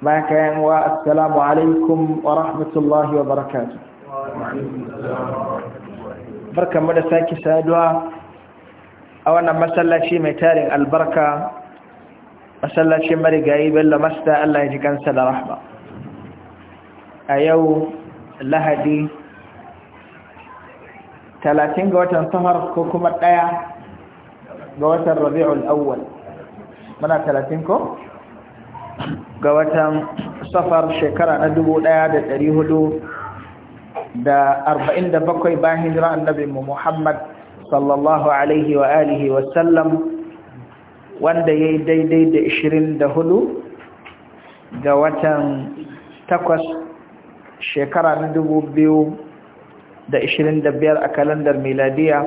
bayan ka yan wa assalamu alaikum wa rahmatullahi wa barakatu barkan mu da sake saduwa a wannan masallaci mai tarin albarka masallacin marigayi bello masta Allah ya ji kansa da rahma a yau lahadi talatin ga watan safar ko kuma ɗaya ga watan rabi'ul awwal muna ko? ga watan safar shekara na dubu ɗaya da da da hudu arba'in bakwai bayan hijira annabi Muhammad sallallahu alaihi wa alihi wa sallam wanda yayi daidai da ishirin da hudu ga watan takwas shekara na dubu biyu da ishirin da biyar a kalandar miladiya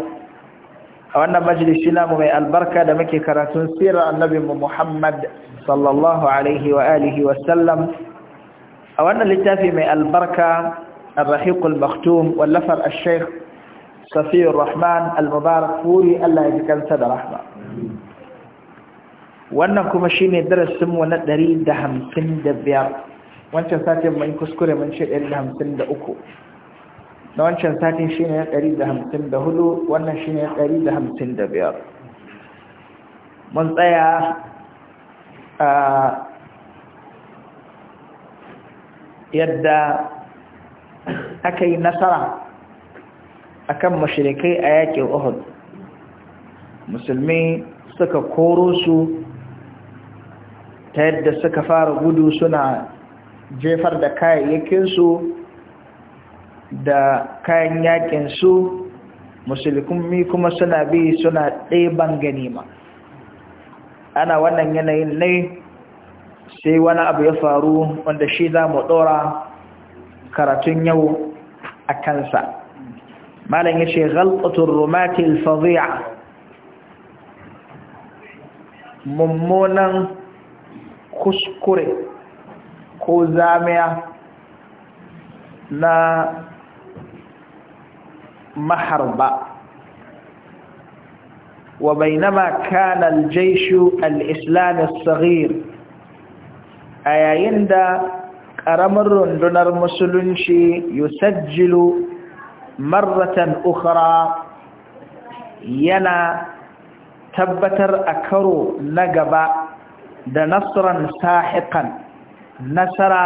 a wannan majalisi namu mai albarka da muke karatun sirar mu Muhammad sallallahu alaihi wa alihi wa sallam a wannan littafi mai albarka ar-rahiqul maktum wallafar ash-shaykh safiyur rahman al-mubarak furi Allah ya kansa da rahma wannan kuma shine darasin mu na 155 wancan satin mun kuskure mun ce 153 na wancan satin shine na 154 wannan shine na 155 mun tsaya yadda aka yi nasara akan mashirikai a yakin Uhud musulmi suka koro su ta yadda suka fara gudu suna jefar da kayayyakinsu da kayan su, musulmi kuma suna bi suna ɗeban ganima ana wannan yanayin ne sai wani abu ya faru wanda shi za mu ɗora karatun yau a kansa malam ya ce galtatun rumatil fazi'a mummunan kuskure ko zamiya na maharba وبينما كان الجيش الإسلامي الصغير أيين دا أرمر دونر مسلنشي يسجل مرة أخرى ينا تبتر أكرو نقبا دا نصرا ساحقا نصرا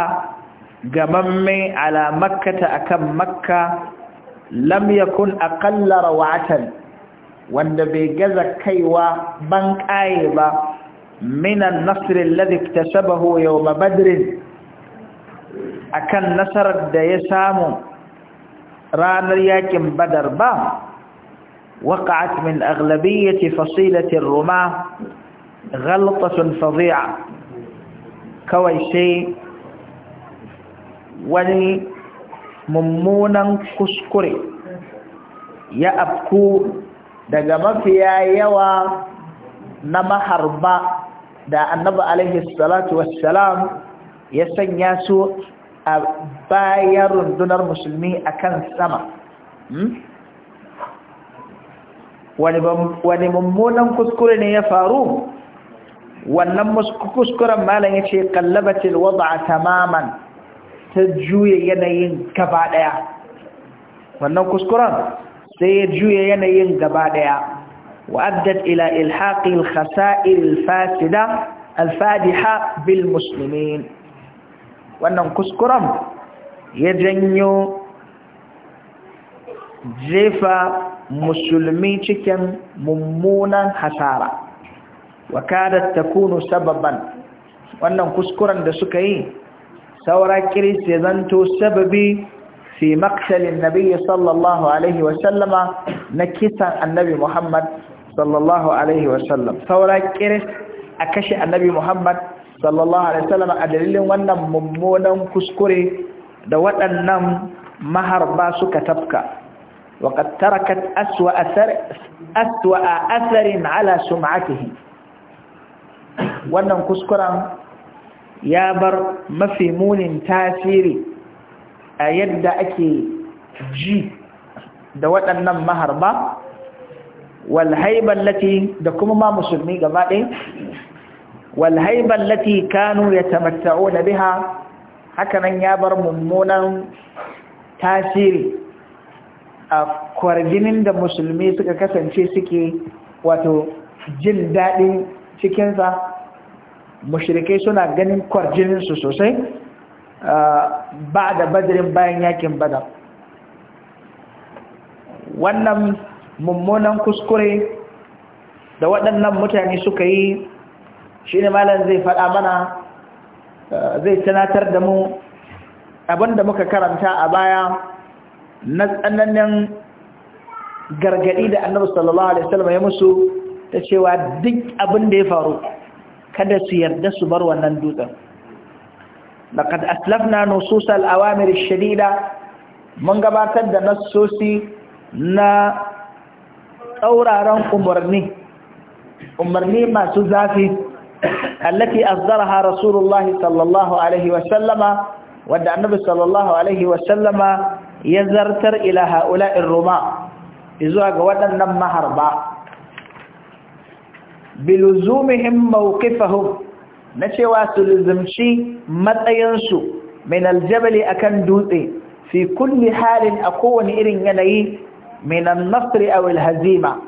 قممي على مكة أكم مكة لم يكن أقل روعة wanda bai gaza kaiwa ban kaye ba minan nasr alladhi iktasabahu yawm badr akan nasarar da ya samu ranar yakin badar ba waqa'at min aghlabiyyati fasilati ar-rumah ghalqatun fadhi'a kawai sai wani mummunan kuskure ya afku daga mafiya yawa na maharba da annabi alaihi salatu wassalam ya sanya su a bayan rundunar musulmi akan sama hmm? wani mummunan kuskure ne ya faru wannan kuskuren malam ya ce kallabatil a tamaman ta juye yanayin gaba daya wannan kuskuren sai ya juya yanayin gaba daya ila إلى إلحاق fasida alfadiha bil musulmin. wannan kuskuren ya janyo jefa musulmi cikin mummunan hasara wa kada takunu sababan wannan kuskuren da suka yi saura kiris ya zanto sababi fi maktalin nabi na kisan annabi Muhammad sallallahu alaihi wasallam a kashe annabi Muhammad sallallahu a dalilin wannan mummunan kuskure da waɗannan maharba suka tafka وقد تركت أسوأ أثر أسوأ أثر wannan kuskuren ya bar mafi munin tasiri a yadda ake ji da waɗannan maharba Walhaiballati da kuma ma musulmi gaba ɗin Kano kanu ya tamatta'o da biha hakanan ya bar mummunan tasiri a kwarjinin da musulmi suka kasance suke wato jin daɗin cikinsa Mushirikai suna ganin kwarjininsu sosai ba da badirin bayan yakin badar wannan mummunan kuskure da waɗannan mutane suka yi shi ne malam zai faɗa mana eh, zai tunatar da mu abinda muka karanta a baya na tsananin gargaɗi da annabu sallallahu alaihi wasallam ya musu ta cewa duk abin da ya faru kada su yarda su bar wannan dutsen لقد أسلفنا نصوص الأوامر الشديدة من قباتد نصوصي نا أورارا أمرني أمرني ما سزافي التي أصدرها رسول الله صلى الله عليه وسلم ودع النبي صلى الله عليه وسلم يزرتر إلى هؤلاء الرماء إذا قوانا نمهر با بلزومهم موقفهم na cewa su lizumci matsayinsu min aljabali akan dutse fi kulli halin a kowane irin yanayi min annasri aw alhazima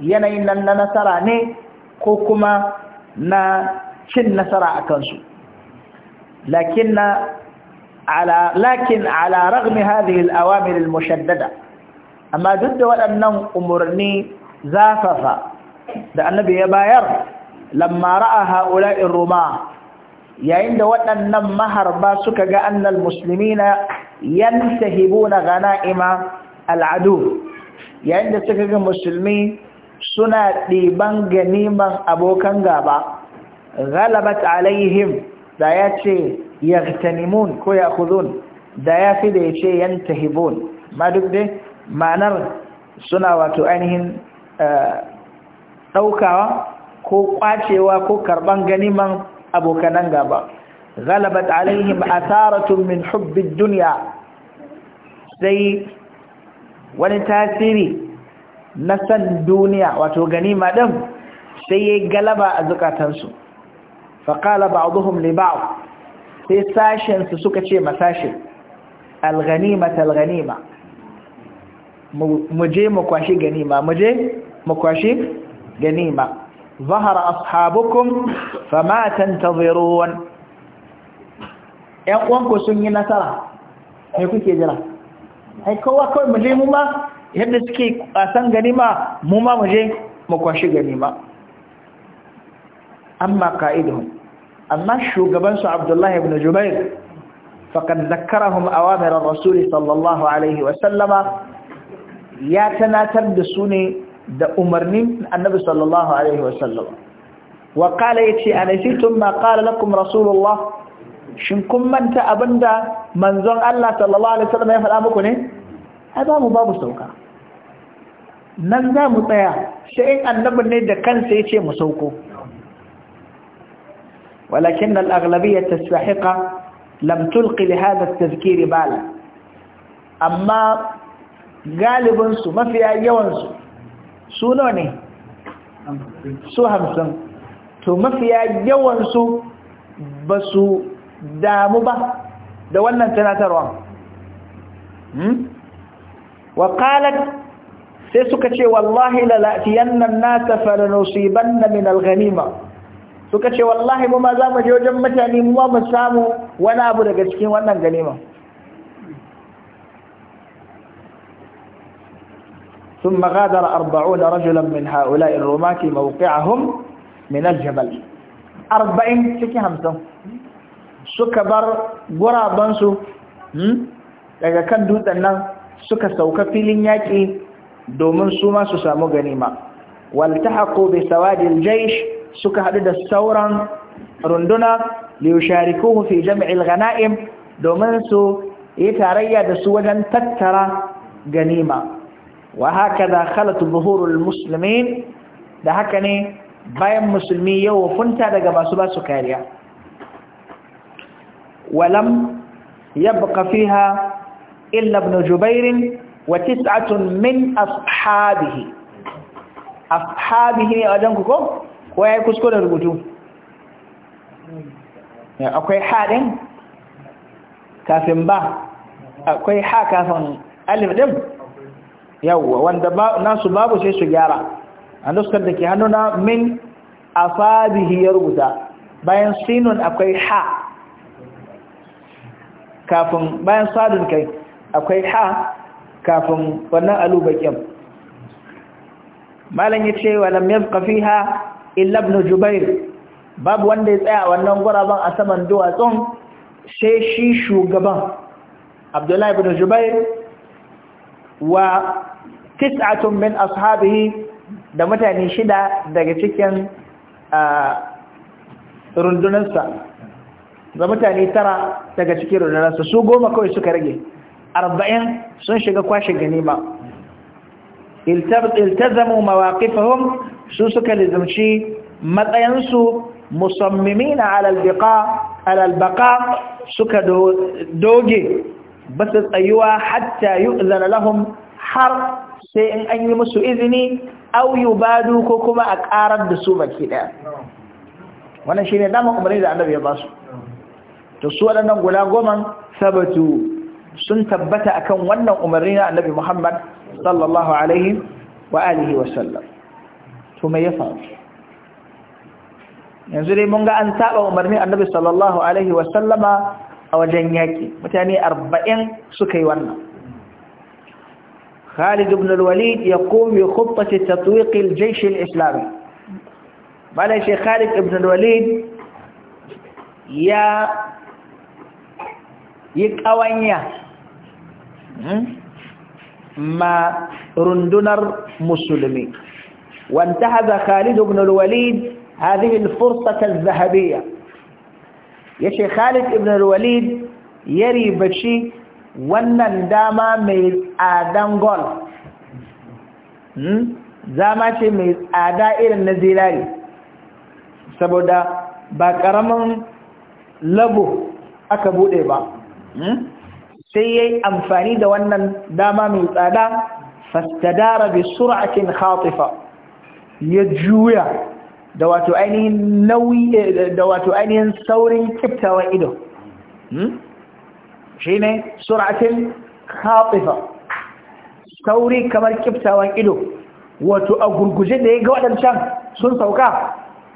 yanayin nan na nasara ne ko kuma na cin nasara a kansu lakin على لكن على رغم هذه Amma duk da waɗannan umarni zafafa da ده النبي bayar. lamma ra'a ha'ula'in ruma yayin da waɗannan maharba suka ga annal muslimina yantahibuna ghana'ima al'adu yayin da suka ga musulmi suna ɗiban ganiman abokan gaba ghalabat alaihim da ya ce yaghtanimun ko ya'khudun da ya fi da ya ce yantahibun ma duk dai ma'anar suna wato ainihin eh, ɗaukawa ko kwacewa ko karban ganiman abokanan gaba ghalabat alaihim atharatun min hubbi dunya sai wani tasiri na san duniya wato ganima din sai yayi galaba a zukatansu fa qala ba'dhum li ba'd sai sashin su suka ce masashin al-ghanimata al mu je mu kwashi ganima mu je mu kwashi ganima ظهر أصحابكم فما تنتظرون يقوم كسنين نسرة هيكو كيجرا هيكو وكو مجي مما هبن أسان غنيما مما مجي مكوشي غنيما أما قائدهم أما الشو قبنسو عبد الله بن جبير فقد ذكرهم أوامر الرسول صلى الله عليه وسلم يا ياتنا تبدسوني da umarnin annabi sallallahu alaihi wasallam wa qala yace anasitum ma qala lakum rasulullah shin kun manta abinda manzon Allah sallallahu alaihi wasallam ya faɗa muku ne ai babu babu sauka nan za mu tsaya sai in annabin ne da kansa yace mu sauko ولكن الأغلبية الساحقة لم تلقي لهذا التذكير بالا amma galibinsu mafiya yawansu su nawa ne su hamsin to mafiya yawansu ba su damu ba da wannan tunatarwa hmm? wa sai suka ce wallahi la nan nasa falanusibanna min al suka ce wallahi mu ma za mu je wajen mutane mu ma mu samu wani abu daga cikin wannan ganima ثم غادر أربعون رجلا من هؤلاء الرماة موقعهم من الجبل أربعين سكي همسون suka bar gurabansu daga kan dutsen nan suka sauka filin yaƙi domin su ma su samu ganima waltahaku bi sawadil jaysh suka hadu da sauran runduna liyusharikuhu fi jam'il ganaim domin su yi tarayya da su wajen tattara ganima wa hakaza khalat zuhurul musulmi da haka ne bayan musulmi ya funta daga basu su kariya walam yabqa fiha illa ibn jubair wa tis'atun min ashabihi ashabihi ne wajen ku ko ko yayi kuskure rubutu akwai akwai ha kafin alif din yawwa wanda nasu babu sai su gyara a nuskar da ke hannuna min a asabihi ya rubuta bayan sinun akwai ha kafin bayan sadun kai akwai ha kafin wannan alubakin malam ya ce wa lam ya kafi ha ibn jubair babu wanda ya tsaya a wannan guraben a saman duwatsun sai shi shugaban abdullahi bin jubair wa tis'atun min ashabihi da mutane shida daga cikin rundunarsa da mutane tara daga cikin rundunarsa su goma kawai suka rage arba'in sun shiga kwashe ganima iltazamu mawaƙifahum su suka lizumci matsayansu musammimina ala albaqa ala albaqa suka doge ba su tsayuwa hatta yu'zana lahum har sai in an yi musu izini auyu ba ko kuma a karar da su baki daya wannan ne dama umarni da annabi ya ba su to su waɗannan guda goma sabatu sun tabbata akan wannan umarni na annabi Muhammad sallallahu alaihi wa alihi wa sallam to mai ya faru yanzu dai mun ga an saba umarni annabi sallallahu alaihi wa sallama a wajen yaki mutane 40 suka yi wannan Khalid ibn al-Walid yaqum bi khuttati tatwiq al-jaysh al-islami bala shi Khalid ibn al-Walid ya yi kawanya ma rundunar musulmi khalid ibn al-walid هذه الفرصة الذهبية yace Khalid ibn walid ya ribaci wannan dama mai tsadan gol zama hmm? ce mai tsada irin na zinari saboda ba karamin labo aka bude ba hmm? sai yayi amfani da wannan dama mai tsada dara bi sur'atin khatifa ya juya da wato ainihin nauyi da wato ainihin saurin kiftawan ido hmm? shine ne suratin khatifa sauri kamar kiftawan ido wato a gurguje da ya ga waɗancan sun sauka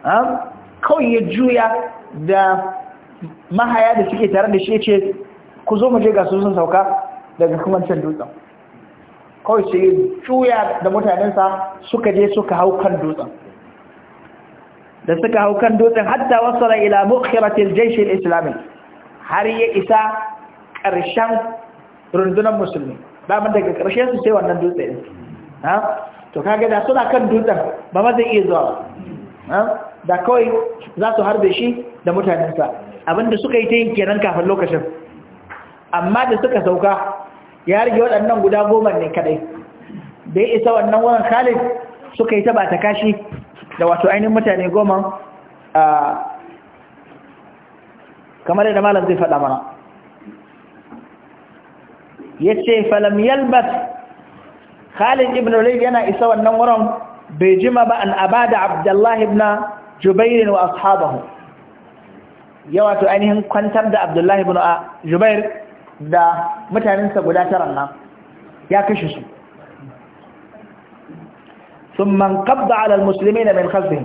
ah, kawai ya juya da mahaya da suke tare da shi ce ku zo mu je ga sun sauka daga kuma can dutsen kawai sai juya da mutanensa suka je suka hau kan dutsen da suka hau kan dutsen hatta wasala ila mukhiratil jaysh al-islami har ya isa ƙarshen rundunar musulmi ba mun daga ƙarshe su sai wannan dutse ha to kaga da suna kan dutsen ba ma zai iya zuwa ha da kawai za su harbe shi da mutanensa abinda suka yi ta yin kenan kafin lokacin amma da suka sauka ya rage waɗannan guda goma ne kadai da ya isa wannan wurin khalid suka yi ta ba ta kashi da wato ainihin mutane goma kamar yadda malam zai faɗa mana ya ce falam yalbas khalid ibn ulid yana isa wannan wurin bai jima ba an abada abdullahi ibn jubairin wa ashabahu ya wato ainihin kwantar da abdullahi ibn jubair da mutanensa guda taran nan ya kashe su sun man kabda alal musulmi na min khasbin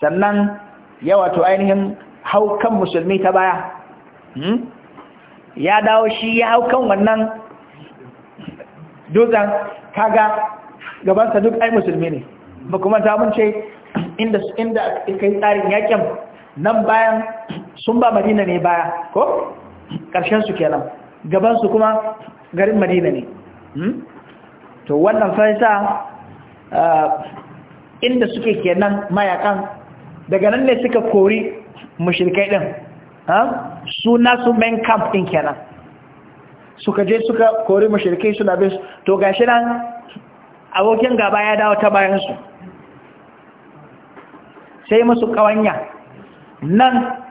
sannan ya wato ainihin haukan musulmi ta baya ya dawo shi ya haukan wannan dutsen kaga gabansa duk ai musulmi ne ba kuma ta mun ce inda kai tsarin yakin nan bayan sun ba madina ne baya ko su kenan gabansu kuma garin madina ne to wannan sa Ah, inda suke kenan mayakan daga nan ne suka kori mushrikai din ah, su nasu main camp din kenan suka je suka kori mushrikai suna bin to gashi nan abokin gaba ya dawo ta bayan sai musu kawanya nan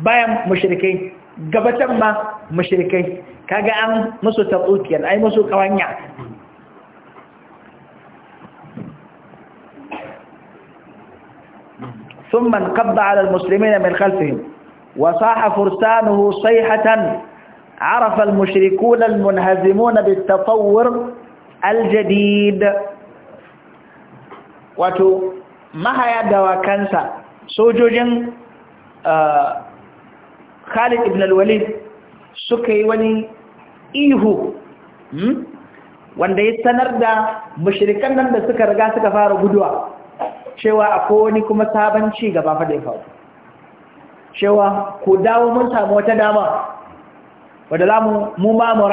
bayan mushrikai gabatar ma mushrikai kaga an musu an ai musu kawanya ثم انقض على المسلمين من خلفهم وصاح فرسانه صيحة عرف المشركون المنهزمون بالتطور الجديد واتو ما هيا دوا كانسا سوجوج آه، خالد بن الوليد سكي وني إيهو وانده يستنرد مشركان لن بسكر غاسك فارو بدوا cewa akwai wani kuma sabon ci gaba fa da ya faru cewa ku dawo mun samu wata dama wadda za mu ma mu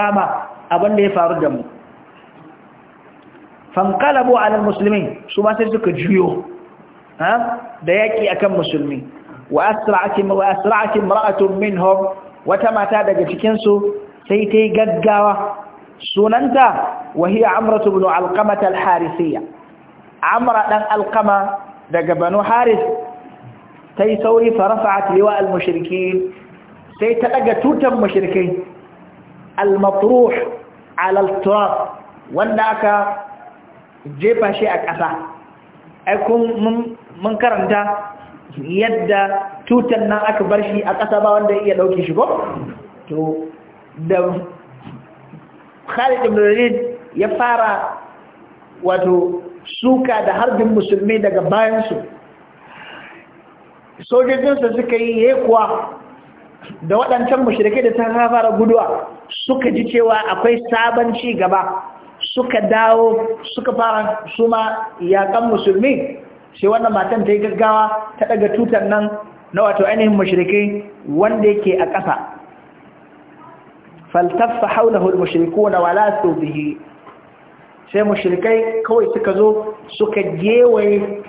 ya faru da mu fankalabu alal musulmi su ma sai suka juyo da yaƙi akan musulmi wa asra'atin min minhum wata mata daga cikinsu sai ta yi gaggawa sunanta wahiyar amratu bin alƙamatar harisiyya amra dan alqama daga banu haris tai sauri farafa'at liwa almushrikin sai ta daga tutan mushrikai almatruh ala alturab wanda aka jefa shi a ƙasa ai kun mun karanta yadda tutan nan aka bar shi a ƙasa ba wanda iya dauke shi ko to da Khalid ibn Walid ya fara wato suka da harbin musulmi daga bayansu sojojinsa suka yi yekuwa da waɗancan mashirikai da ta fara guduwa suka ji cewa akwai sabon ci gaba suka dawo suka fara suma yaƙan musulmi sai wannan matan ta yi gaggawa ta daga tutar nan na wato ainihin mashirikai wanda yake a ƙasa faltaffa haulahul mashiriku na wala sau bihi sai mashirikai kawai suka zo suka gewaye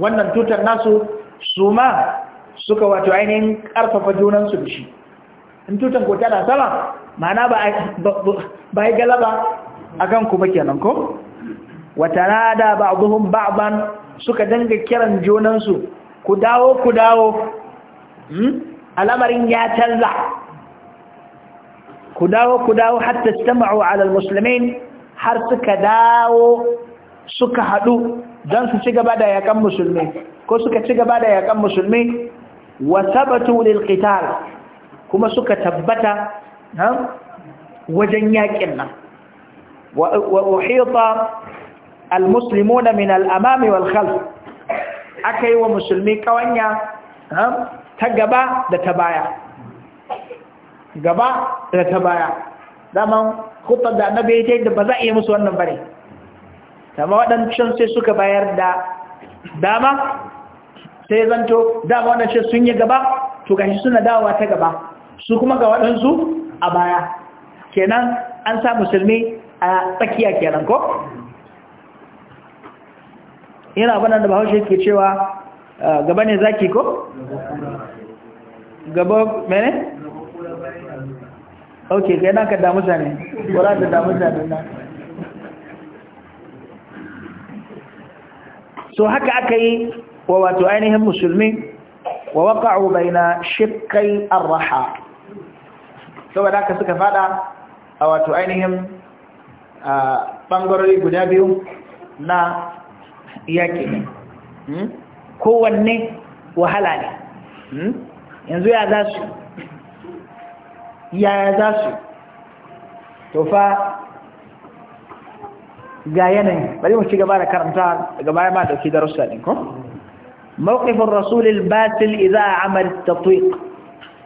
wannan tutar nasu su ma suka wato ainihin karfafa junansu da shi in tutar ko tana sama ma'ana ba yi galaba a kan kuma kenan ko watana da ba'aduhun ba'aban suka danga kiran junansu ku dawo ku dawo hmm? al'amarin ya canza ku dawo ku dawo hatta stama'u alal musulmin har suka dawo suka haɗu don su ci gaba da yakan musulmi ko suka ci gaba da yakan musulmi wasabatu sabatu qital kuma suka tabbata wajen yakin nan wa uhita al min al amami wal khalf yi wa musulmi kawanya ta gaba da ta baya gaba da ta baya zaman hutar da annabi ya da ba za a iya musu wannan bane Dama waɗancan sai suka bayar da dama sai zanto dama waɗancan sun yi gaba to gashi suna dawowa ta gaba su kuma ga waɗansu a baya kenan an sa musulmi a tsakiya kenan ko yana abin da bahaushe ke cewa gaba ne zaki ko gaba mene ok kai na ka damu zane wala da damu zane na so haka aka yi wa wato ainihin musulmi wa waƙa'u bai shikai arraha saboda haka suka fada a wato ainihin bangarori guda biyu na yaƙi hmm? kowanne wahala ne hmm? yanzu ya za su yaya za su to fa ga yanayi bari mu ci gaba da karanta daga baya ma dauki darussa din ko mawqifur rasul al-batil idha amal tatwiq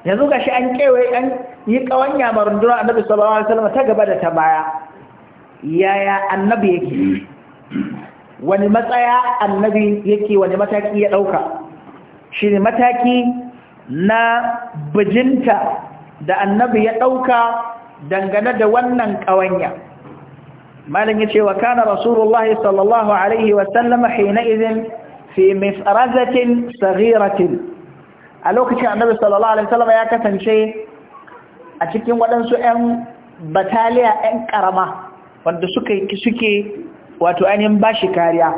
yanzu gashi an kewe an yi kawanya marundura annabi sallallahu alaihi wasallam ta gaba da ta baya yaya annabi yake wani matsaya annabi yake wani mataki ya dauka shine mataki na bijinta da annabi ya ɗauka dangane da wannan ƙawanya malin ya ce wa kana rasulullahi sallallahu alaihi wasallama hina izin fi sariratin. a lokacin annabi sallallahu alaihi wasallama ya kasance a cikin waɗansu 'yan bataliya 'yan ƙarama wanda suke suke wato ainihin bashi kariya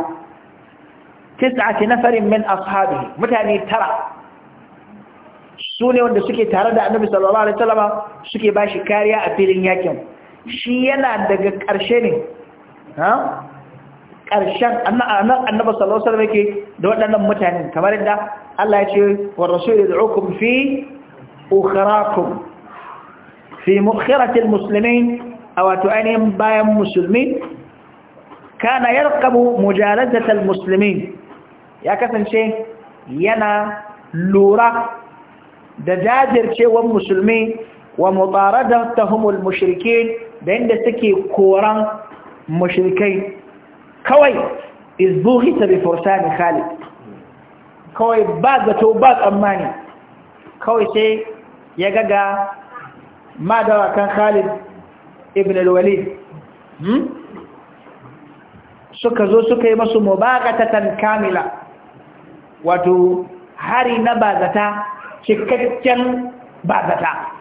tis'ati nafarin min ashabi mutane tara su ne wanda suke tare da annabi sallallahu alaihi wasallama suke bashi kariya a filin yakin shi yana daga ƙarshe ne ha ƙarshen annabi sallallahu alaihi wasallam yake da waɗannan mutanen kamar yadda Allah ya ce wa rasul yad'ukum fi ukhrakum fi mukhiratil muslimin aw tu'anim bayan musulmi kana yarqabu mujalazatal muslimin ya kasance yana lura da jajircewan musulmi wa mutaradatahumul mushrikin da inda suke koran mushrikai kawai ta bi ne khalid kawai ba zato ba tsammani kawai sai ya gaga madawa kan khalid ibn al-walid hmm? suka zo suka yi masu mubaqatatan kamila wato hari na bazata cikakken bazata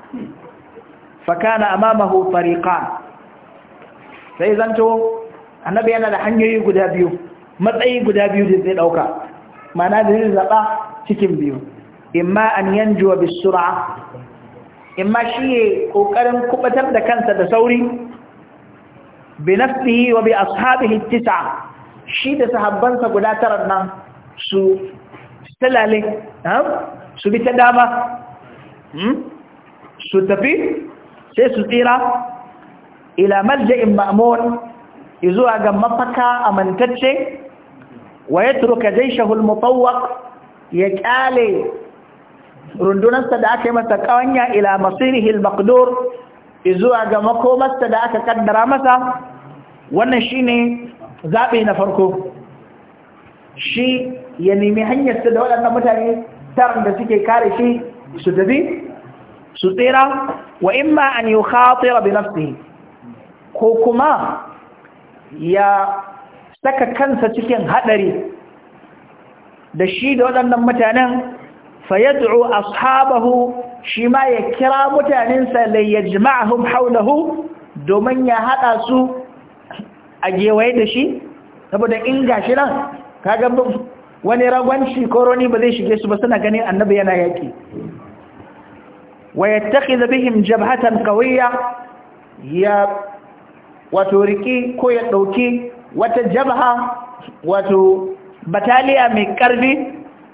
fakana amamahu fariƙa. sai zanto annabi yana da hanyoyi guda biyu matsayi guda biyu da zai ɗauka. mana da zai zaba cikin biyu imma an yanjuwa bisura imma shi ƙoƙarin kubatar da kansa da sauri bi nafsihi wa bi ashabihi tis'a shi da sahabbansa guda tarar nan su stalale su bi ta dama hmm? su tafi sai su tsira ila malja'in ma'mun izuwa ga mafaka amantacce wa yatruka jayshahu al-mutawwaq ya kyale rundunarsa da aka yi masa kawanya ila masirihi al zuwa ga makomarsa da aka kaddara masa wannan shine zaɓi na farko shi ya nemi hanyarsa da waɗannan mutane daren da suke kare shi su tafi su tsira wa ma an yi khatira bi nafsi ko kuma ya saka kansa cikin hadari da shi da waɗannan mutanen fayad'u ashabahu shi ma ya kira mutanen sa yajma'ahum haulahu domin ya hada su a gewaye da shi saboda in gashi nan kaga wani ragwanci ko roni ba zai shige su ba suna ganin annabi yana yaƙi. wa yattakhidha bihim jabhatan qawiyya ya wato riki ko ya ɗauki wata jabha wato bataliya mai karfi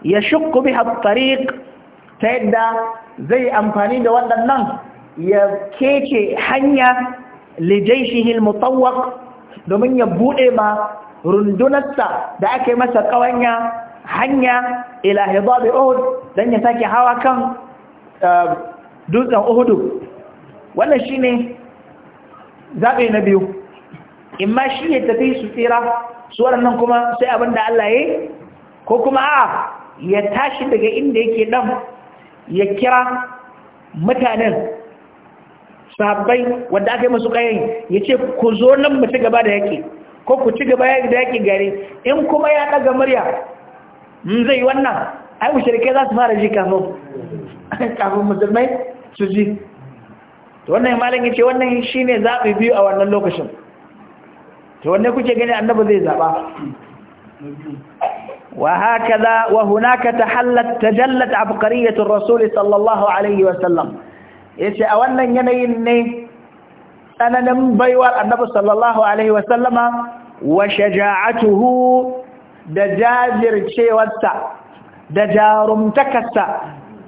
ya shukku biha tariq ta yadda zai amfani da waɗannan ya kece hanya lijai shi domin ya buɗe ma rundunarsa da aka yi masa ƙawanya hanya ila hidabi uhud don ya sake hawa kan eh, dutsen uhudu wannan shi ne zaɓe na biyu imma shi ya tafi su tsira su nan kuma sai abin da Allah ya ko kuma a ya tashi daga inda yake ɗan ya kira mutanen sahabbai wadda aka yi masu ƙayayi ya ce ku zo nan mutu gaba da yake ko ku ci gaba da yaƙi gari in kuma ya ɗaga murya in hmm, zai wannan ai mushrikai za su fara ji kafin kafin musulmai su ji to wannan malam yace wannan shine zabi biyu a wannan lokacin to wanne kuke gani annabi zai zaba وهكذا وهناك تحلت تجلت عبقرية الرسول صلى الله عليه وسلم yace a wannan yanayin ne tsananin baiwar annabi sallallahu alaihi wasallama wa shaja'atuhu da jajircewarsa da jarumtakarsa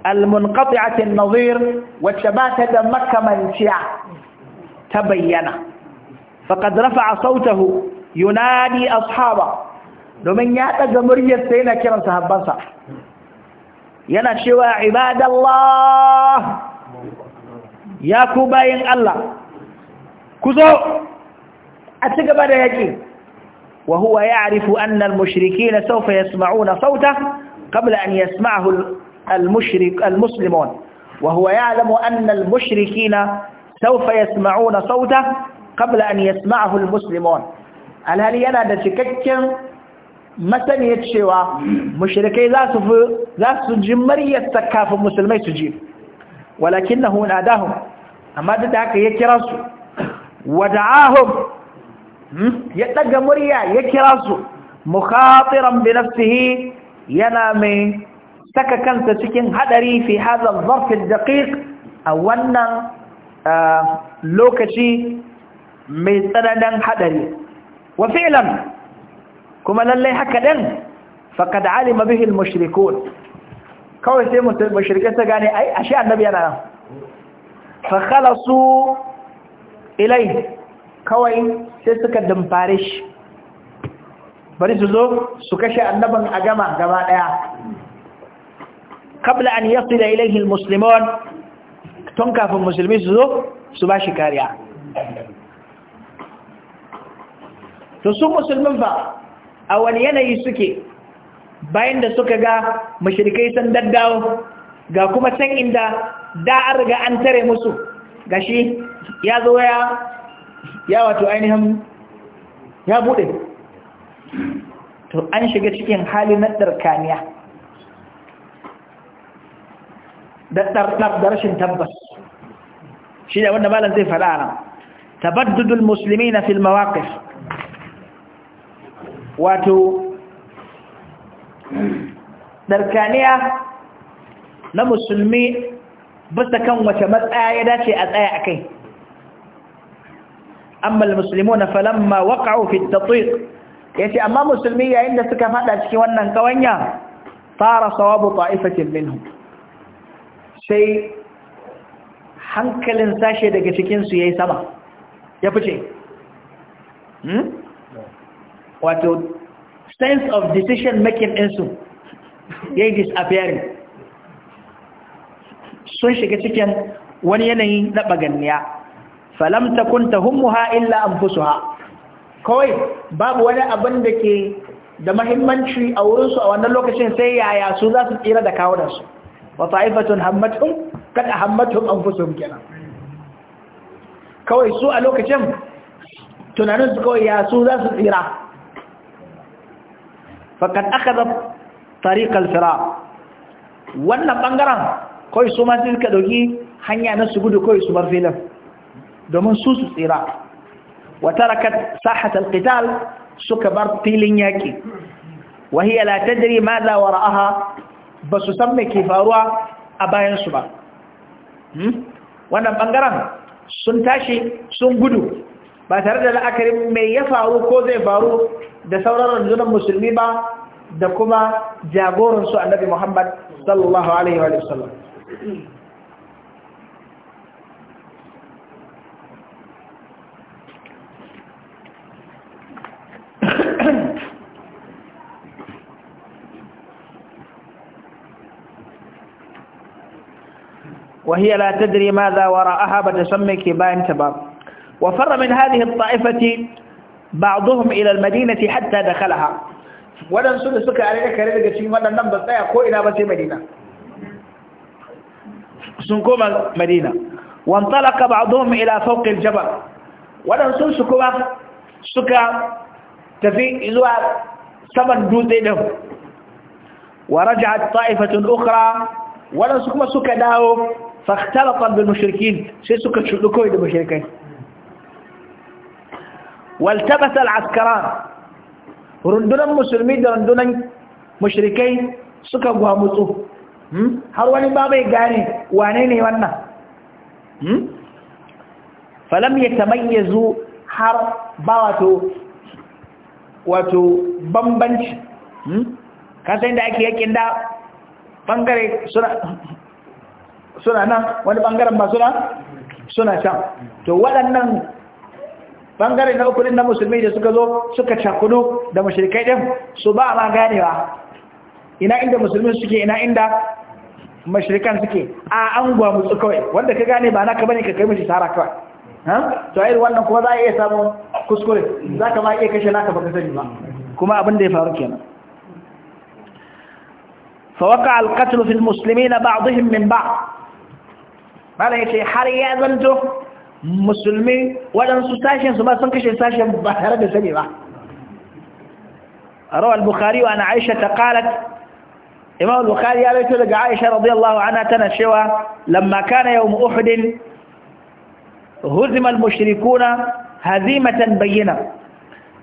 almunqati'atin nadhir wa ba da makamanciya ta bayyana faqad rafa'a sautahu yunadi ashaba domin ya daga muryarsa yana kiran sahabbansa yana cewa ibadallah ya ku bayin Allah كذو أتقب هذا يجي وهو يعرف أن المشركين سوف يسمعون صوته قبل أن يسمعه المشرك المسلمون وهو يعلم أن المشركين سوف يسمعون صوته قبل أن يسمعه المسلمون هل هل ينا دتككك مثل يتشوى مشركي ذات جمري يتكاف مسلمي تجيب ولكنه ناداهم أما دتك يكرسوا wada'ahum hmm? ya daga murya ya kira su mukhatiran bi nafsihi yana mai saka kansa cikin hadari fi hadha zarf daqiq a wannan lokaci mai tsananin hadari wa fi'lan kuma lallai haka din faqad alima bihi al-mushrikun kawai sai mushrike ta gane ai ashe annabi yana nan fa khalasu ilai kawai sai suka dumfare shi bari su zo su kashe annaban a gama gaba daya kabla an yasila ilaihi musulman tun kafin musulmi su zo su ba shi kariya to su musulmin fa a wani yanayi suke bayan da suka ga mashirikai san daddawo ga kuma can inda da an riga an tare musu gashi ya zo ya ya wato ainihin ya bude to an shiga cikin hali na ɗarkaniya da ɗarɗar rashin tabbas shi da wanda malam zai faɗa nan tabaddudul musulmi na filma filmawaƙis wato ɗarkaniya na musulmi bisa kan wace matsaya ya dace a tsaya a kai amma musulmi na falamma waƙa'u fi tatuik ya ce amma musulmi yayin da suka fada cikin wannan kawanya fara sawabu ta'ifatin minhu sai hankalin sashe daga cikinsu ya yi sama ya fice hmm? wato sense of decision making ɗinsu ya yi disappearing sun shiga cikin wani yanayi na baganniya falam takun humuha illa anfusuha kawai babu wani abin da ke da mahimmanci a wurinsu a wannan lokacin sai yaya su za su tsira da kawunansu wa ta'ifatun hammatun kad ahammatuhum anfusuhum kenan kawai su a lokacin tunanin su kawai ya su za su tsira fakat akhadha tariqal firar wannan bangaren kawai su ma suka ɗauki hanya na su gudu kawai su bar filin domin su su tsira wata rakat sahat alqital suka bar filin yaƙi wahiya la ma za wa ra'aha ba su san me ke faruwa a bayansu ba hmm? wannan ɓangaren sun tashi sun gudu ba tare da la'akarin mai ya faru ko zai faru da sauran rundunar musulmi ba da kuma jagoransu annabi Muhammad sallallahu Alaihi وهي لا تدري ماذا وراءها بتسمي باين تباب وفر من هذه الطائفة بعضهم إلى المدينة حتى دخلها ولن سنة سكة عليك كريدك في مدى النمبر سيقول إلى بسي مدينة sun koma madina wantalaka ba'dhum ila fawq aljabal wadansu su kuma suka tafi zuwa saman dutse din wa raja'at ta'ifatun ukhra wadansu kuma suka dawo fakhtalata bil mushrikin sai suka shudu kai da mushrikai waltabasa al'askaran rundunan musulmi da rundunan mushrikai suka gwamutsu Hmm? har wani ba bai gane wane ne wannan hmm? falam ya zu har ba wato wato bambanci hmm? kasan da ake yakin da bangare suna suna nan wani bangaren ba suna suna can to waɗannan bangare na ukudin na musulmi da suka zo suka cakudu da mashirikai ɗin su ba ma ganewa ina inda musulmi suke ina inda mashirikan suke a an gwamutsu kawai wanda ka gane ba na ka bane ka kai mashi tara kawai to a wannan kuma za a iya samun kuskure za ka ma iya kashe naka baka sani ba kuma abin da ya faru kenan Fa فوقع القتل في المسلمين بعضهم من بعض ماذا يكي har ya zanto musulmi wadansu sashen su ba sun kashe sashen ba tare da sani ba روى البخاري عن عائشة قالت imam bukhari ya rawaito daga aisha radiyallahu anha tana cewa lamma kana yawm uhud huzima al-mushrikuna hazimatan bayyina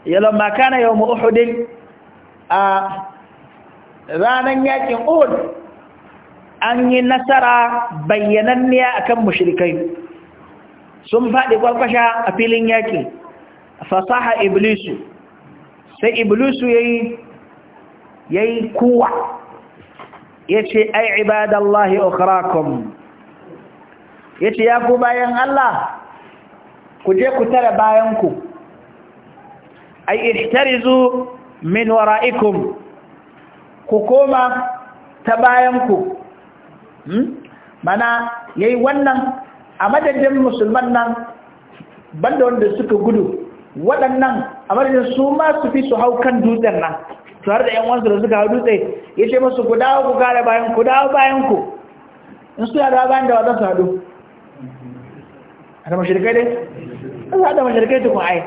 ya lamma kana yawm uhud a ranan yakin uhud an yi nasara bayyananniya akan mushrikai sun faɗi kwakwasha a filin yaki fasaha iblisu sai iblisu yayi yayi kuwa yace ai ibadallahi ukhrakum yace ya ku bayan Allah ku je ku tare bayanku. ku ai ihtarizu min wara'ikum ku koma ta bayanku. ku hmm? mana yayi wannan a madadin musulman nan banda wanda suka gudu waɗannan amma da su ma su fi su hau kan dutsen nan su har da yan wansu da suka hau dutse ya ce masu ku dawo ku kare bayan ku dawo bayan ku in suna da bayan da wata su haɗu a da mashirkai dai su haɗa mashirkai tukun ai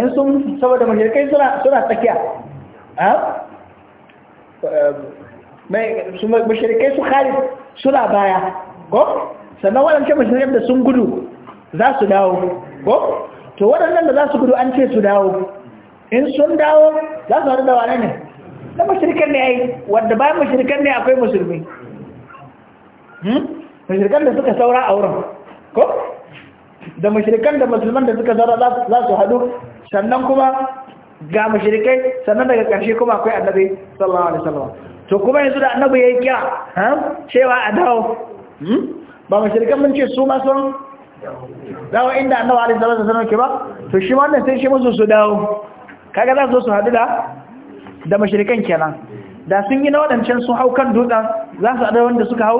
in sun saboda mashirkai suna tsakiya mashirkai su kare suna baya ko sannan waɗancan mashirkai da sun gudu za su dawo ko to waɗannan da za su gudu an ce su dawo in sun dawo za su haɗu da wane ne na mashirkan ne ai wadda bayan mashirkan ne akwai musulmi hmm? mashirkan da suka saura a wurin ko da mashirkan da musulman da suka saura za su haɗu sannan kuma ga mashirikai sannan daga ƙarshe kuma akwai annabi sallallahu alaihi wasallam to kuma yanzu da annabi yayi yi ha cewa a dawo hmm? ba mashirkan mun ce su ma sun dawo inda annabi alayhi salatu wasallam ke ba to shi wannan sai shi musu su dawo kaga za su su hadu da da mashirikan kenan da sun yi na waɗancan sun hau kan dutsen za su hadu wanda suka hau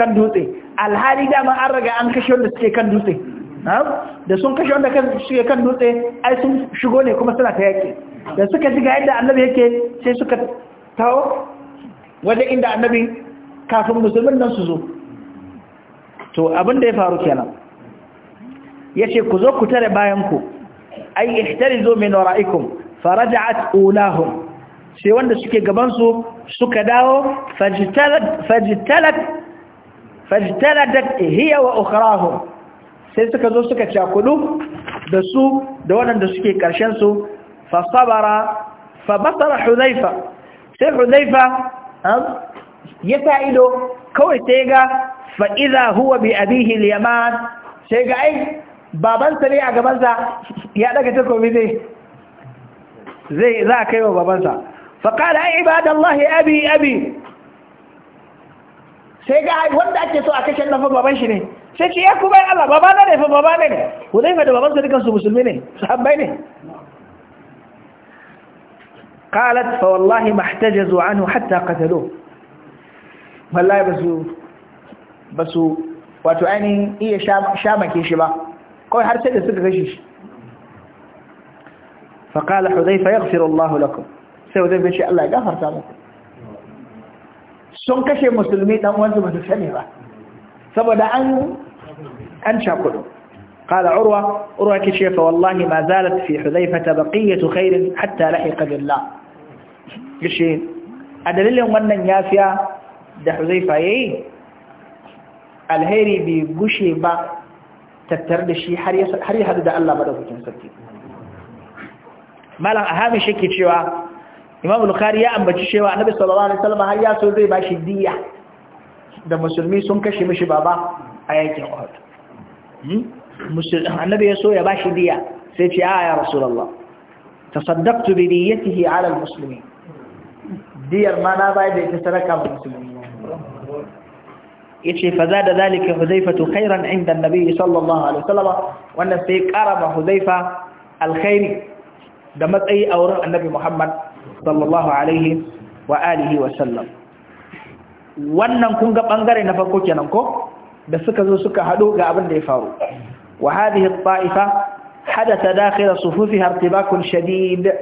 kan dutse alhali dama an raga an kashe wanda suke kan dutse da sun kashe wanda suke kan dutse ai sun shigo ne kuma suna ta yake da suka ji ga yadda annabi yake sai suka tawo wajen inda annabi kafin musulmin nan su zo to abin da ya faru kenan yace ku zo ku tare bayan ku ai ihtarizu min wara'ikum faraja'at ulahum sai wanda suke gaban su suka dawo fajtalat fajtalat fajtaladat hiya wa ukhrahum sai suka zo suka cakudu da su da waɗanda suke karshen su fa sabara fa basara hudhaifa sai hudhaifa ah, ya sa kawai sai ga fa idza huwa bi abihi al-yaman sai ga ai babansa ne a gabansa ya daga takobi zai zai za a kai wa babansa faƙala ai ibadallahi abi abi sai ga wanda ake so a kashe nafa baban shi ne sai ce ya kuma yi Allah babana ne fa babana ne hudaifa da babansa su musulmi ne su sahabbai ne fa wallahi فوالله ما احتجزوا عنه حتى قتلوه wallahi ba su wato ainihin iya shamake shi ba قوي حرسة لسك غشيش فقال حذيفة يغفر الله لكم سيو ذنب الله يغفر سامك سنك شيء مسلمين نعم وانتم تسهمي با سبدا أن أنشا قلوا قال عروة عروة كشيء فوالله ما زالت في حذيفة بقية خير حتى لحق بالله كشيء أدلل يوم أن يافيا ده حذيفة يي الهيري بيقشي با tattar da shi har ya hadu da Allah madaukakin sarki malam ahami shi ke cewa imam bukhari ya ambaci cewa annabi sallallahu alaihi wasallam har ya so zai bashi diya da musulmi sun kashe mishi baba a yakin uhud hmm? annabi ya so ya bashi diya sai ce a ah, ya rasulullah tasaddaqtu bi diyatihi ala almuslimin diyar ma na bayar da ita sadaka ga musulmi yace fa zada zalika huzaifatu khairan inda annabi sallallahu alaihi wasallam wannan sai karama huzaifa alkhairi da matsayi a wurin annabi muhammad sallallahu alaihi wa alihi sallam wannan kun ga bangare na farko kenan ko da suka zo suka hado ga abin da ya faru wa hadhihi taifa hadatha dakhil sufufiha irtibakun shadid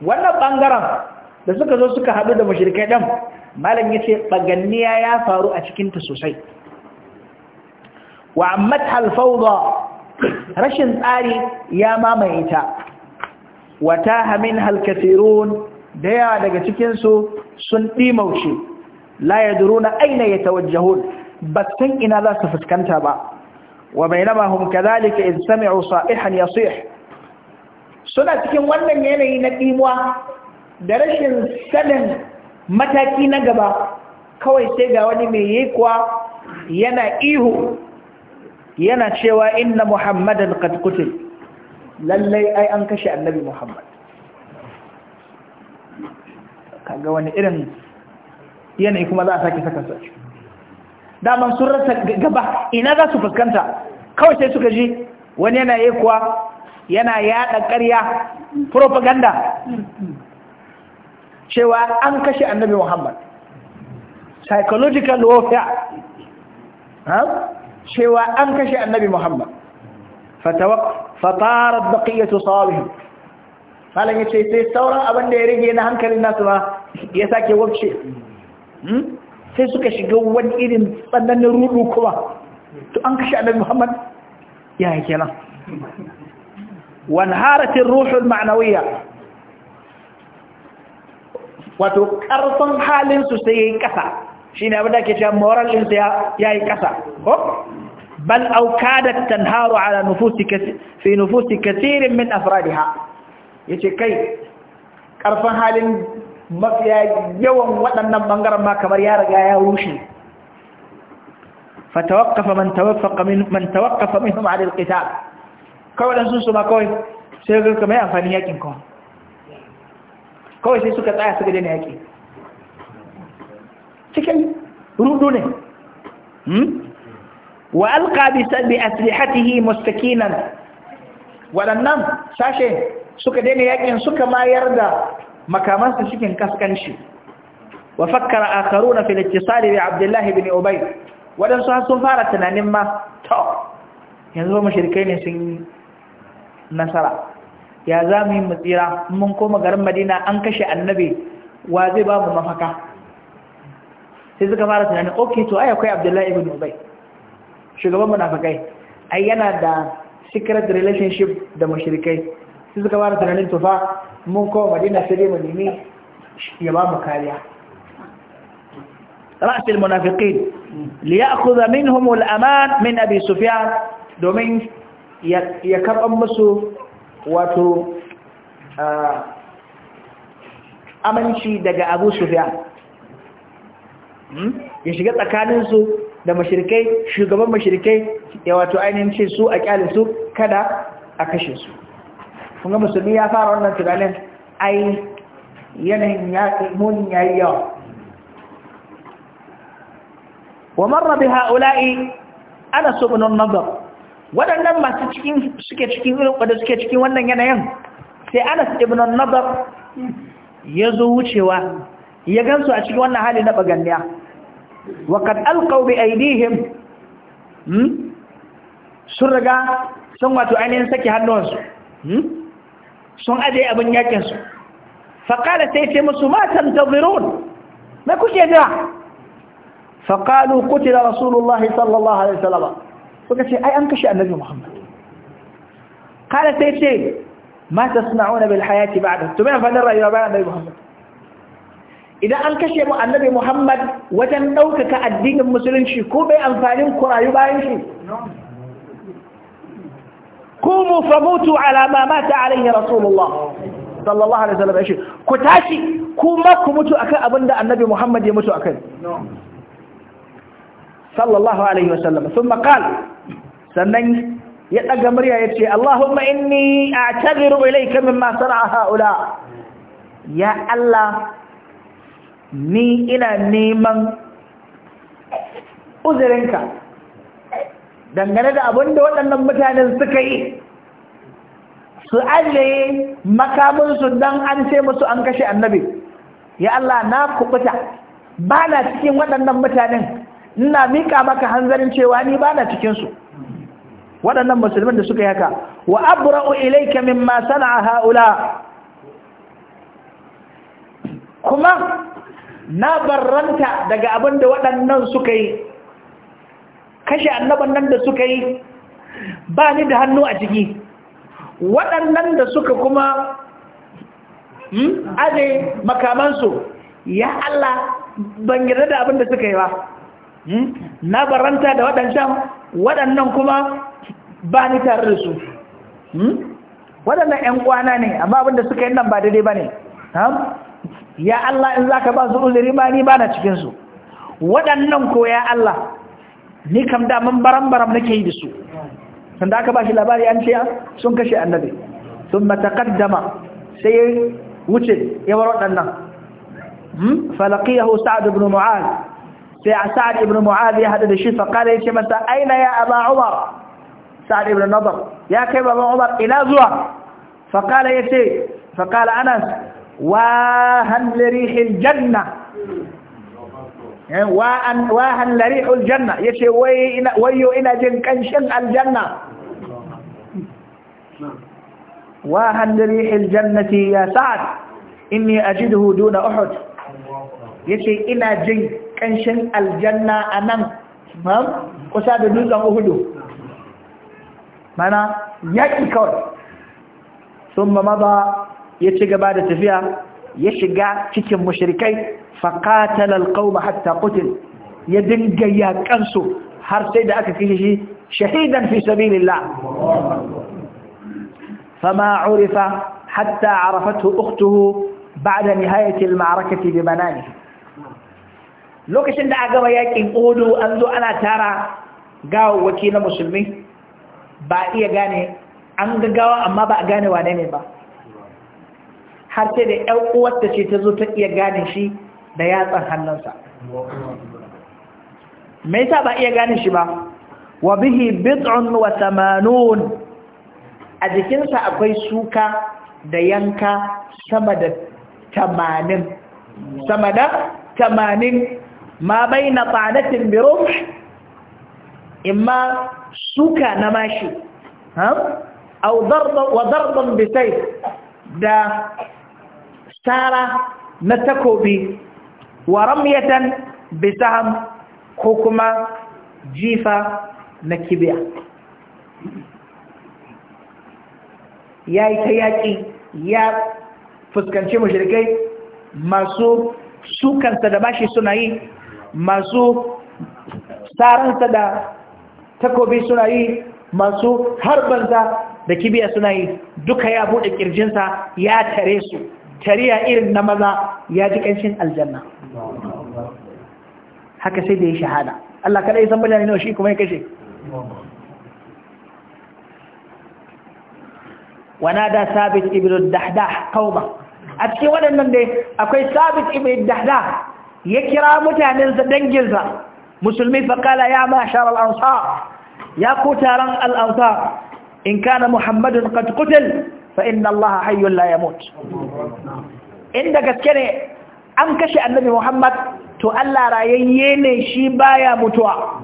wannan bangaren da suka zo suka haɗu da mashirkai ɗan malam ya ce ɓaganniya ya faru a cikinta sosai wa ammat halfauwa rashin tsari ya mamaye ta wata hamin halkasirun da yawa daga cikinsu sun ɗimauce la ya duruna aina ya tawajjahun ba san ina za su fuskanta ba wa bainama hum kadhalika in sami'u sa'ihan yasih suna cikin wannan yanayi na ɗimuwa da rashin sanin mataki na gaba kawai sai ga wani mai yi kuwa yana ihu yana cewa inna muhammadan qad qutil lallai ai an kashe annabi muhammad kaga wani irin yanayi kuma za a sake saka sa daman sun rasa gaba ina za su fuskanta kawai sai suka ji wani yana yi kuwa yana yada ƙarya propaganda cewa an kashe annabi muhammad psychological warfare cewa an kashe annabi muhammad fatarar baƙiyyatu sawabihim malam ya ce sai sauran abin da ya rige na hankalin nasu ma ya sake wabce sai suka shiga wani irin tsananin rudu kuma to an kashe annabi muhammad ya yi kenan wanharatin ruhul ma'nawiyya wato ƙarfin halinsu sai ya yi ƙasa shi ne abinda ke cewa moral ɗinsu ya yi ƙasa ko bal aukadat tanharu ala nufusi fi nufusi kasirin min afradiha ya ce kai ƙarfin halin mafiya yawan waɗannan ɓangaren ma kamar ya riga ya rushe فتوقف من توقف من من توقف منهم على القتال kawai dan sun su ma kawai sai ga kamar amfani yakin kawai kawai sai suka tsaya suka daina yaƙi cikin rudu ne hmm? wa alqa bi sabbi aslihatihi mustakinan waɗannan sashe suka daina yaƙin suka mayar da makamansu cikin kaskanci wa fakkara na fil tsari da abdullahi bin Obai. waɗansu har sun fara tunanin ma ta yanzu mashirkai ne sun yi nasara ya za mu yi mu mun koma garin madina an kashe annabi wa zai ba mu mafaka sai suka fara tunanin ok to ai akwai abdullahi ibn ubay shugaban munafikai ai yana da secret relationship da mashirikai sai suka fara tunanin fa mun koma madina sai dai mu nemi ya ba mu kariya رأس المنافقين ليأخذ منهم الأمان من أبي سفيان دومين يكرم مسو wato amanci daga abu sufiya hmm? ya shiga tsakaninsu da mashirkai shugaban mashirkai ya wato ainihin ce su a kyalinsu kada a kashe su kunga musulmi ya fara wannan tunanin ai yanayin munin ya yi yawa wa marra bi ha'ula'i ana so nazar waɗannan masu cikin suke cikin wadda suke cikin wannan yanayin sai anas ibn nadar ya zo wucewa ya gansu a cikin wannan hali na baganniya wa kad alqaw bi aydihim hmm? sun riga sun wato ainihin saki hannuwansu hmm? sun aje abin yakinsu faƙala sai ce musu matan tazirun na kuke jira faƙalu kutila rasulullahi sallallahu alaihi salama suka ce ai an kashe annabi Muhammad kala sai ce ma tasna'una bil hayati ba'da to me amfanin rayuwa bayan annabi Muhammad idan an kashe mu annabi Muhammad wajen ɗaukaka addinin musulunci ko bai amfanin ku rayu bayan shi kumu famutu ala ma mata alaihi rasulullah sallallahu alaihi wasallam shi ku tashi kuma ku mutu akan abinda annabi Muhammad ya mutu akai sallallahu alaihi wasallam sun makal sannan ya ɗaga murya ya yace Allahumma inni a'tadiru ilayka mimma sana'a haula ya Allah ni ina neman uzurinka dangane da abin da waɗannan mutanen suka yi su ajiye makaminsu don an ce musu an kashe annabi ya Allah na kubuta ba na cikin waɗannan mutanen ina mika maka hanzarin cewa ni ba na cikinsu waɗannan musulmin da suka yi haka wa abra'u ilayka mimma sana'a haula kuma na barranta daga abin da waɗannan suka yi kashe annaban nan da suka yi ba ni da hannu a ciki waɗannan da suka kuma hmm, aje makamansu ya Allah ban yarda da abin da suka yi ba Hmm? na baranta da waɗancan waɗannan kuma ba ni tare da su hmm? waɗannan 'yan kwana ne amma abinda suka yi nan ba daidai ba ne ya Allah in za ka ba su uzuri ba ni ba na cikinsu waɗannan ko ya Allah ni kam daman baram-baram nake yi da su sanda aka ba shi labari an ce sun kashe annabi sun matakaddama sai wuce yawar waɗannan hmm? falakiyahu sa'ad ibn mu'az سي سعد ابن معاذ يهدد الشفة فقال يا شمسة أين يا أبا عمر سعد ابن النضر يا كيف أبا عمر إلى زوى فقال يا شيخ فقال أنس واهن لريح الجنة يعني وان واهن لريح الجنة يا شيخ وي ويو إلى جنكنشن الجنة واهن لريح الجنة يا سعد إني أجده دون أحد يا شيخ إلى جن ƙanshin aljanna a nan kusa da dutsen uhudu mana yaƙi kawai sun mamaba ya ci gaba da tafiya ya shiga cikin mashirikai faƙatalar ƙauma hatta kutin ya dinga yaƙansu har sai da aka kashe shi shahidan fi sabilillah fama عرف حتى عرفته أخته بعد نهاية المعركة بمنامه lokacin da a gama yakin odo an zo ana tara waki na musulmi ba iya gane an gaggawa amma ba a gane wane ne ba har sai da ‘yan uwarta ce ta zo ta iya gane shi da yatsan hannunsa me yasa ba iya gane shi ba wa bihi bid'un wa samanun a jikinsa akwai suka da yanka sama da tamanin sama da tamanin ma na qadatin biro in ma suka na mashi a wa bi da tsara na takobi wa ramyatan bi saham ko kuma jifa na kibiya yayi ta yaƙi ya fuskanci mashirkai masu sukansa da bashi suna yi masu tsaransa da takobi suna yi masu harbansa da kibiya suna yi duka ya buɗe ƙirjinsa ya tare su tare ya irin na maza ya ji ƙanshin aljanna haka sai da ya shahada Allah kada yi san mutane nawa shi kuma ya kashe Wana da sabit ibn dahdah qauma a cikin waɗannan dai akwai sabit ibn dahdah ya kira mutanensa danginsa musulmi faƙala ya mashar al'ansa ya ku taron al'ansa in kana muhammadun katkutul fa inna allaha hayyun la yamut inda gaske ne an kashe annabi muhammad to allah rayayye ne shi baya mutuwa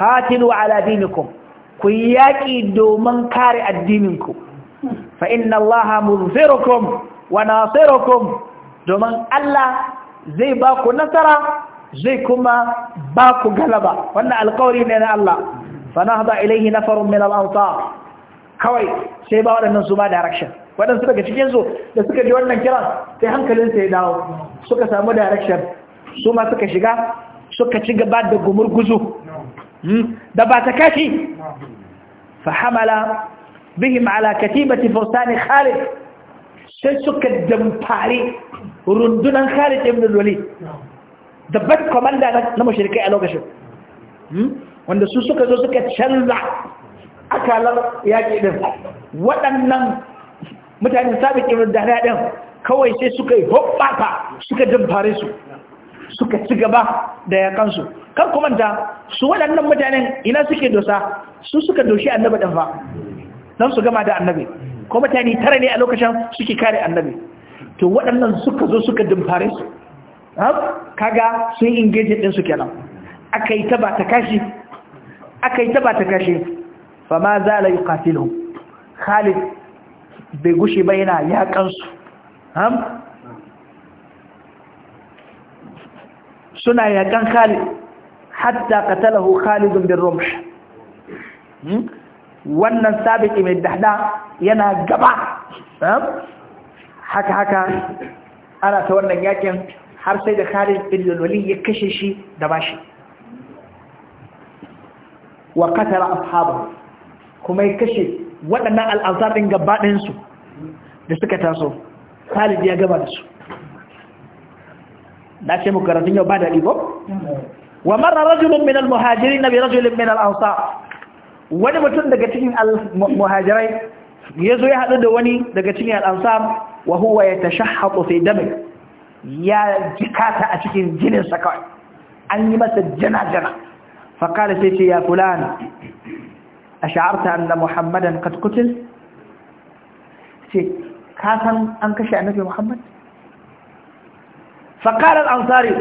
qatilu ala dinikum ku yaƙi domin kare addininku fa inna allaha munzirukum wa nasirukum domin allah zai ba ku nasara zai kuma ba ku galaba wannan alkawari ne na Allah fanahda ilaihi nafarun min al-ansar kawai sai ba waɗannan su ba direction waɗansu daga cikin da suka ji wannan kiran sai hankalin sai dawo suka samu direction su ma suka shiga suka ci gaba da gumurguzu hmm? da ba ta kashi fahamala bihim ala katibati fursani khalid sai suka damfari rundunan Khalid ibn al-Walid da bad commander na mushrikai a lokacin hmm? wanda su suka zo suka canza akalar yaƙi din waɗannan mutanen sabit ibn al-dahra din kawai sai suka yi hoɓɓata suka dimfare su suka ci gaba da yakansu kan kumanta su waɗannan mutanen ina suke dosa su suka doshi annabi ɗan fa don su gama da annabi ko mutane tara ne a lokacin suke kare annabi to waɗannan suka zo suka dimfare su kaga sun engage din su kenan aka yi ta ba ta kashi aka yi ta ba ta kashi ba ma za la yuqatiluhum Khalid bai gushe ba yana yaƙansu. suna yaƙan Khalid hatta qatalahu Khalid bin Rumh hmm? wannan sabiki mai dahda yana gaba haka haka ana ta wannan yakin har sai da Khalid bin Walid ya kashe shi da bashi wa qatala ashabahu kuma ya kashe waɗannan al'ansar ɗin gabaɗin su da suka taso Khalid ya gaba da su da ce mu karatun yau ba da ribo wa marra rajulun min al-muhajirin bi rajulin min al-ansar wani mutum daga cikin al-muhajirai yazo ya hadu da wani daga cikin al-ansar wa huwa yatashahhatu fi dami ya jikata a cikin jinin sa kawai an yi masa jana jana fa qala sai ce ya fulani ash'arta anna muhammadan qad qutil sai ka san an kashe annabi muhammad fa qala al-ansari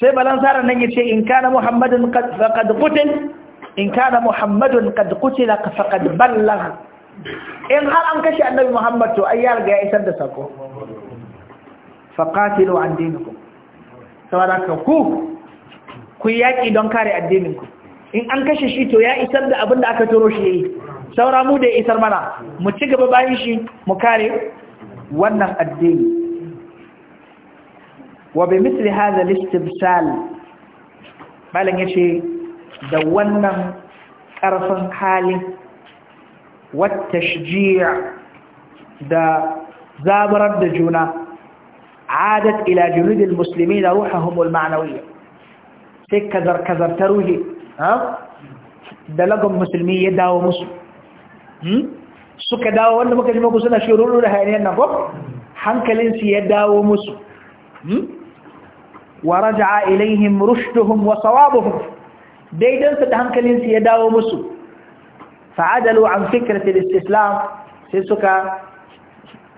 sai balansaran nan yace in kana muhammadun qad faqad qutil in kana muhammadun qad qutila faqad ballagha in har an kashe annabi muhammad to ai ya riga ya isar da sako faqatilu an dinikum saboda ka ku ku yaki don kare addinin ku in an kashe shi to ya isar da abin da aka turo shi yayi saura mu da ya isar mana mu ci gaba bayan shi mu kare wannan addini wa bi misli hadha al-istibsal malan yace da wannan ƙarfin hali والتشجيع دا زابر الدجونة عادت إلى جنود المسلمين روحهم المعنوية سيك كذر كذر تروهي ها؟ دا لقم مسلمية داو مسلم سك داو وانا مكا جمعكو سنة شرورو لها يعني أنكم حنك الانسي داو مسلم ورجع إليهم رشدهم وصوابهم دايدن سد حنك الانسي داو مسلم fa'adalu an fikratil istislam sai suka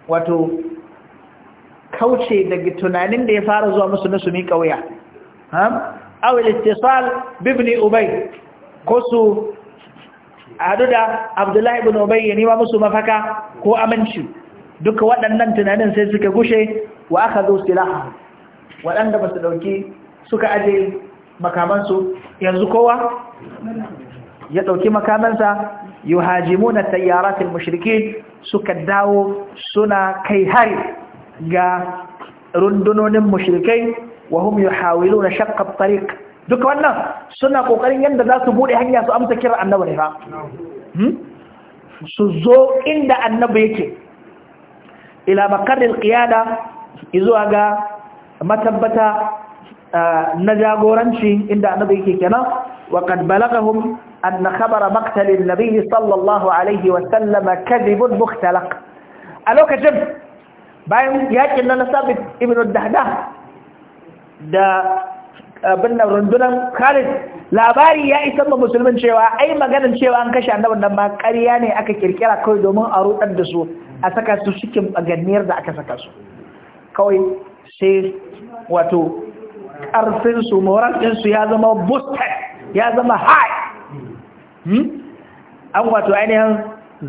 wato kauce daga tunanin da ya fara zuwa musu na sumi kauya aw al-ittisal bi ibn ubay ko su hadu da abdullahi ibn ubay ya nima musu mafaka ko aminci duka waɗannan tunanin sai suka gushe wa akhadhu silaha waɗanda ba su dauki suka aje makamansu yanzu kowa ya dauki makamansa yuhajimuna tayyaratil mushrikin suka dawo suna kai hari ga rundunonin mushrikai wa hum yuhawiluna shaqqa at duka wannan suna kokarin yadda zasu buɗe hanya su amsa kiran annabi ne fa hmm? su zo inda annabi yake ila makarril qiyada izuwa ga matabbata ah, na jagoranci inda annabi yake kenan wa balaga balagahum أن خبر مقتل النبي صلى الله عليه وسلم كذب مختلق ألو كذب باين يأكل لنا ثابت ابن الدهده دا بنا رندنا خالد لا باري يا إسلام مسلمين شوا أي مجال شوا أنك شان دا بنا ما كرياني أكير كلا كوي دوما أروت الدسو أسكا سوشيكم أجنير دا أكسكا سو كوي سيف واتو أرسل سو مورا سو يا زما بوست يا زما هاي Hmm? an wato ainihin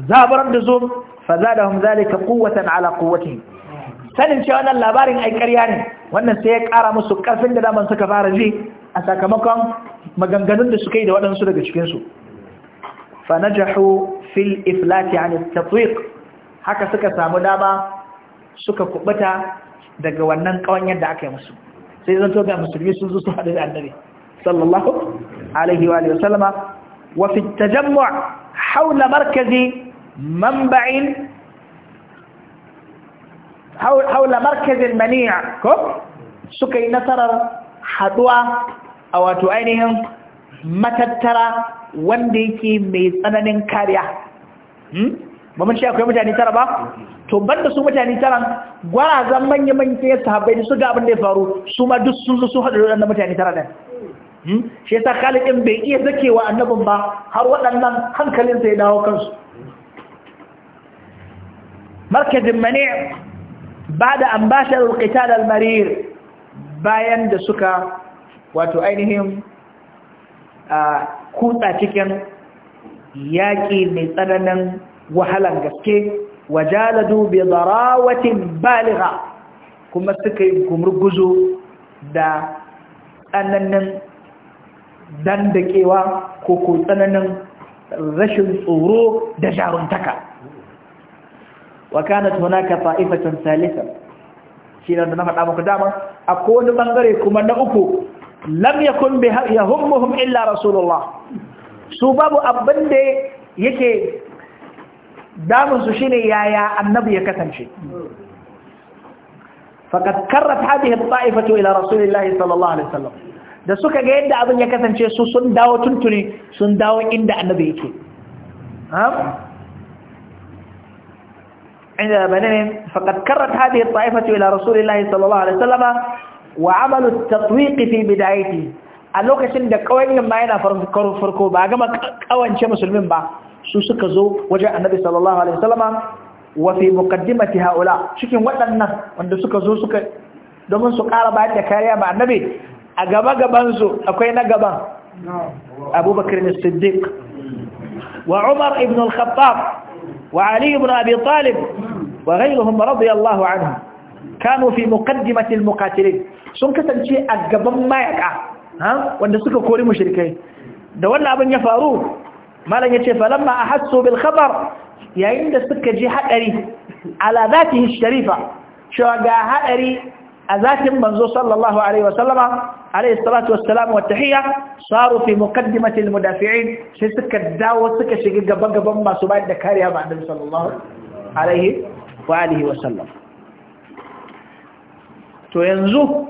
zabar da zo fazadahum zalika quwwatan ala quwwatihim sanin cewa wannan labarin ai ƙarya ne wannan sai ya kara musu karfin da daman suka fara ji a sakamakon maganganun da suka yi da waɗansu daga cikin su na najahu fil iflati an at haka suka samu dama suka kubuta daga wannan ƙawan yadda aka yi musu sai zanto ga musulmi sun zo su haɗu da annabi sallallahu alaihi wa sallama وفي التجمع حول مركز منبع حول مركز المنيع suka yi nasarar haɗuwa a wato ainihin matattara wanda yake mai tsananin kariya ba mun ce akwai mutane tara ba to banda su mutane tara gwarazan manya-manya sahabbai da su ga abin da ya faru su ma duk sun zo haɗu da mutane tara Hmm? shi yasa Khalid bai iya zakewa annabin ba har waɗannan hankalin sai dawo kansu markazin mani' bada ambashar qital almarir bayan da suka wato ainihin a kutsa cikin yaƙi mai tsananin wahalan gaske wajaladu bi darawatin baligha kuma suka yi gumurguzo da tsananin dandakewa ko ko tsananin rashin tsoro da jaruntaka wa kanat hunaka fa'ifatan salisa shi ne da na faɗa muku dama akwai wani bangare kuma na uku lam yakun bi yahummuhum illa rasulullah su babu abin da yake damun su shine yaya annabi ya kasance faqad karrat hadhihi al-ta'ifatu ila rasulillahi sallallahu alaihi wasallam da suka ga yadda abin ya kasance su sun dawo tuntuni sun dawo inda annabi yake inda bane faqad karrat hadhihi at-ta'ifatu ila rasulillahi sallallahu alaihi wasallam wa 'amalu at-tatwiq bidayati a lokacin da kawayen ma yana farko farko ba gama kawance musulmin ba su suka zo wajen annabi sallallahu alaihi wasallam wa fi muqaddimati ha'ula cikin waɗannan wanda suka zo domin su ƙara bayar da kariya ba annabi a gaba gabansu akwai na gaban abubakar ne siddiq wa umar ibn al-khattab wa ali ibn abi talib wa ghayruhum radiyallahu anhum kanu fi muqaddimati al-muqatilin sun kasance a gaban mayaka wanda suka kori mushrikai da wannan abin ya faru malam yace falamma ahassu bil khabar yayin da suka ji hadari ala zatihi sharifa cewa ga hadari a zatin manzo sallallahu alaihi wasallama عليه salatu والسلام wa صاروا في مقدمة المدافعين almudafi'in sai suka dawo suka shiga gaba gaban masu bayar da kariya ba annabi sallallahu alaihi wa alihi to yanzu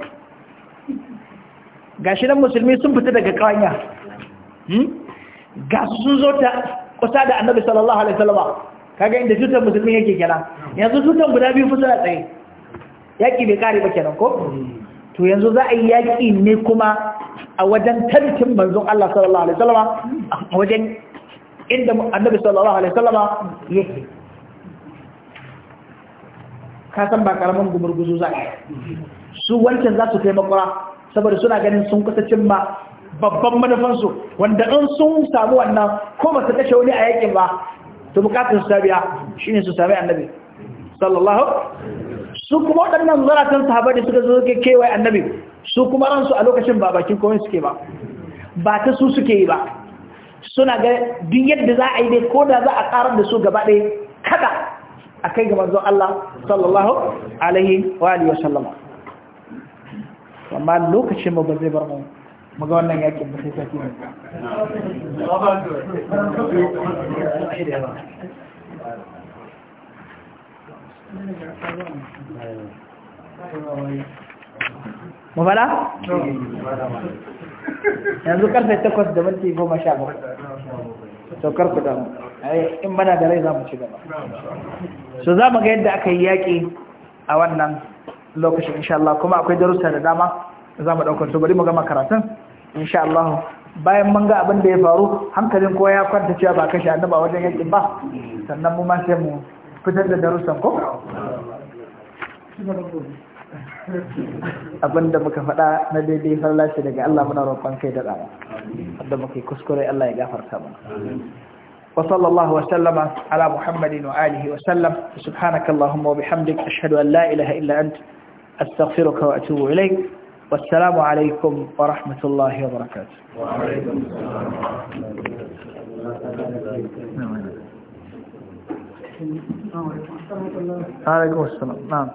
gashi musulmi sun fita daga kawanya ga sun kaga inda tutar musulmi yake kenan yanzu tutar guda biyu fusa suna tsaye yaki bai kare ba kenan ko to yanzu za a yi yaƙi ne kuma a wajen tarkin manzon Allah sallallahu alaihi wasallama a wajen inda annabi sallallahu alaihi wasallama yake ka san ba karamin gumurguzu za su wancan za su kai makura saboda suna ganin sun kusa cimma babban manufansu wanda in sun samu wannan ko ba su kashe wani a yakin ba to bukatun su ta shine su sami annabi sallallahu su kuma waɗannan zaratan sahabai da suka zo suke kewaye annabi su kuma ransu a lokacin ba bakin kowai suke ba ba ta su suke yi ba suna ga duk yadda za a yi dai ko da za a ƙarar da su gaba ɗaya kada a kai ga manzon Allah sallallahu alaihi wa alihi wa sallama amma lokacin ba zai bar mu mu ga wannan yakin ba sai sati ne mu yanzu karfe takwas da minti goma sha bakwai da mu damu in mana da rai za mu ci gaba so za mu ga yadda aka yi yaƙi a wannan lokacin insha Allah kuma akwai darussa da dama za mu ɗaukar su bari mu gama karatun insha Allah bayan mun ga abin da ya faru hankalin kowa ya kwanta cewa ba kashe annaba wajen yaƙin ba sannan mu ma sai mu fitar da darussan ko? abinda muka faɗa na daidai farlashi daga Allah muna roƙon kai da tsara wanda muka yi kuskure Allah ya gafarta mana wa sallallahu wa sallama ala muhammadin wa alihi wa sallam subhanaka allahumma wa bihamdik ashhadu an la ilaha illa ant astaghfiruka wa atubu ilayk wassalamu alaikum wa rahmatullahi wa barakatuh wa alaikum assalam Alaikum assalam. Naam.